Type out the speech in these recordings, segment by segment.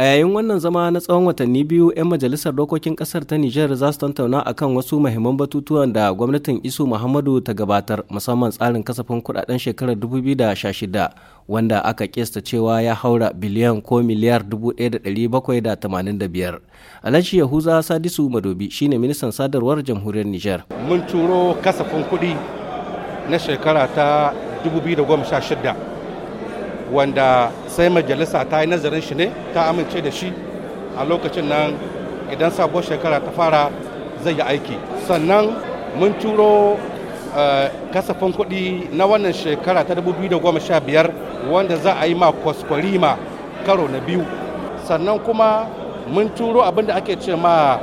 A yayin wannan zama na tsawon watanni biyu 'yan majalisar dokokin kasar ta Nijar za su tantauna kan wasu mahimman batutuwan da gwamnatin Isu Muhammadu ta gabatar musamman tsarin kasafin kudaden shekarar 2016 wanda aka kesta cewa ya haura biliyan ko miliyar 1,785. Alhaji Yahuza Sadisu Madobi shine ministan sadarwar jamhuriyar Nijar. Mun turo kasafin kudi na shekara ta wanda sai majalisa ta yi nazarin shi ne ta amince da shi a lokacin nan idan sabuwar shekara ta fara zai yi aiki sannan mun turo eh, kasafin kuɗi na wannan shekara ta biyar wanda za a yi ma kwaskwarima karo na biyu sannan kuma mun turo abin da ake ce ma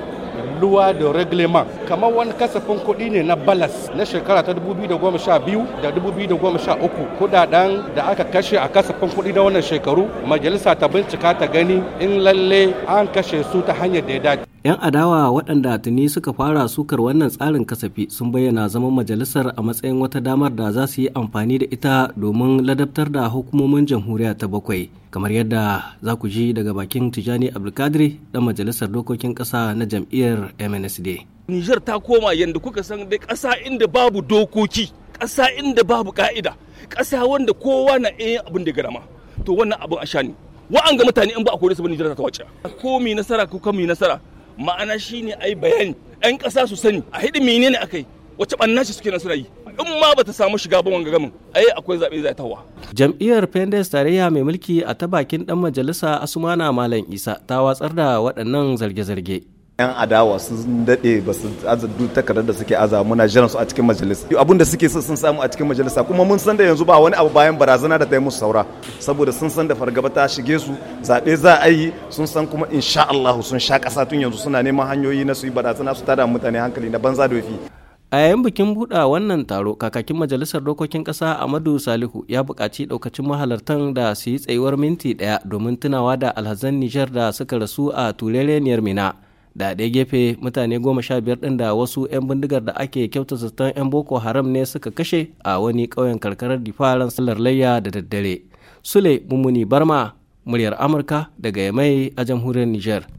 luwa da reglement kamar wani kasafin kuɗi ne na balas na shekara ta 2012 da 2013 kudaden da aka kashe a kasafin kuɗi na wannan shekaru majalisa ta bincika ta gani in lalle an kashe su ta hanyar da ya dace 'yan adawa waɗanda tuni suka fara sukar wannan tsarin kasafi sun bayyana zaman majalisar a matsayin wata damar da za su yi amfani da ita domin ladabtar da hukumomin jamhuriya ta bakwai kamar yadda za ku ji daga bakin tijani abdulkadir dan majalisar dokokin ƙasa na jam'iyyar jam'iyyar MNSD. Nijar ta koma yadda kuka san dai ƙasa inda babu dokoki, ƙasa inda babu ƙa'ida, ƙasa wanda kowa na iya abin da garama. To wannan abin sha ne. Wa'an ga mutane in ba a kore su ba Nijar ta wace. Ko mi nasara ko kan mi nasara ma'ana shine ai bayani. 'Yan ƙasa su sani a hidi menene akai. Wace ɓanna shi suke nasara yi. in ma bata samu shiga ba wanga gamin ai akwai zaɓe zai tawa jam'iyyar pendes tarayya mai mulki a ta bakin dan majalisa asumana malam isa ta watsar da waɗannan zarge-zarge 'yan adawa sun daɗe ba su azadu takardar da suke azama muna jiran su a cikin majalisa abun da suke so sun samu a cikin majalisa kuma mun san da yanzu ba wani abu bayan barazana da ta yi musu saura saboda sun san da fargaba ta shige su zaɓe za a yi sun san kuma insha Allah sun sha ƙasa tun yanzu suna neman hanyoyi na su yi barazana su tada mutane hankali na banza dofi a yayin bikin buɗa wannan taro kakakin majalisar dokokin ƙasa amadu salihu ya buƙaci ɗaukacin mahalartan da su yi tsayuwar minti ɗaya domin tunawa da alhazan nijar da suka rasu a turereniyar mina da ɗaya gefe mutane goma sha biyar ɗin da wasu 'yan bindigar da ake kyauta zaton 'yan boko haram ne suka kashe a wani ƙauyen karkarar difaran sallar layya da daddare sule mummuni barma muryar amurka daga yamai a jamhuriyar nijar.